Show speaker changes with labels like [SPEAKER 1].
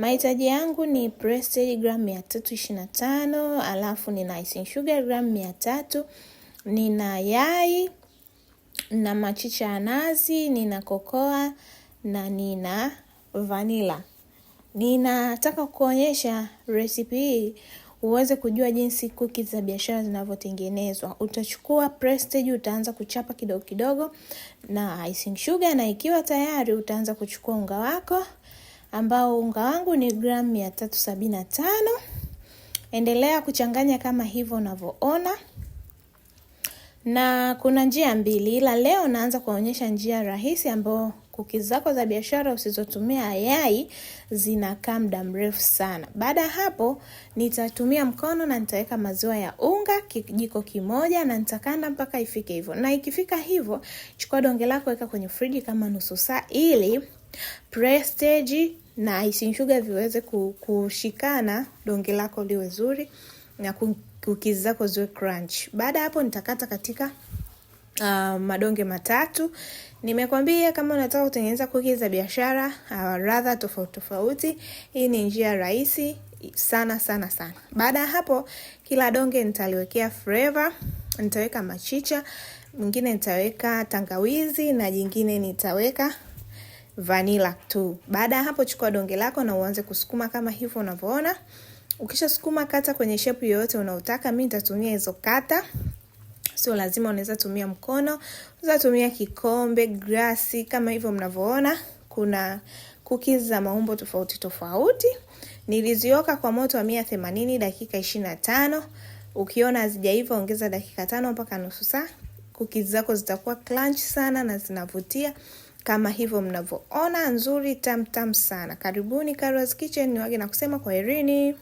[SPEAKER 1] Mahitaji yangu ni pressed gram mia tatu alafu nina icing sugar gram mia tatu nina yai na machicha ya nazi, nina kokoa na nina vanila. Ninataka kuonyesha recipe hii uweze kujua jinsi kuki za biashara zinavyotengenezwa. Utachukua prestige, utaanza kuchapa kidogo kidogo na icing sugar, na ikiwa tayari utaanza kuchukua unga wako ambao unga wangu ni gramu tano. Endelea kuchanganya kama hivyo unavyoona, na kuna njia mbili, ila leo naanza kuonyesha njia rahisi ambayo kuki zako za biashara usizotumia yai zinakaa muda mrefu sana. Baada ya hapo, nitatumia mkono na nitaweka maziwa ya unga kijiko kimoja na nitakanda mpaka ifike hivyo, na ikifika hivyo, chukua donge lako weka kwenye friji kama nusu saa ili prestige na icing sugar viweze kushikana, donge lako liwe zuri na cookies zako ziwe crunch. Baada hapo nitakata katika uh, madonge matatu. Nimekwambia kama unataka kutengeneza cookies za biashara uh, ah, rather tofauti tofauti, hii ni njia rahisi sana sana sana. Baada ya hapo, kila donge nitaliwekea flavor, nitaweka machicha, mwingine nitaweka tangawizi na jingine nitaweka vanilla tu. Baada ya hapo, chukua donge lako na uanze kusukuma kama hivyo unavyoona. Ukisha sukuma, kata kwenye shape yoyote unaotaka. Mimi nitatumia hizo kata, sio lazima, unaweza tumia mkono, unaweza tumia kikombe, glasi, kama hivyo mnavyoona. Kuna cookies za maumbo tofauti tofauti. Nilizioka kwa moto wa 180 dakika 25. Ukiona hazijaiva ongeza dakika tano mpaka nusu saa. Cookies zako zitakuwa crunch sana na zinavutia kama hivyo mnavyoona, nzuri tamtam sana. Karibuni Carol's Kitchen, niwage na kusema kwaherini.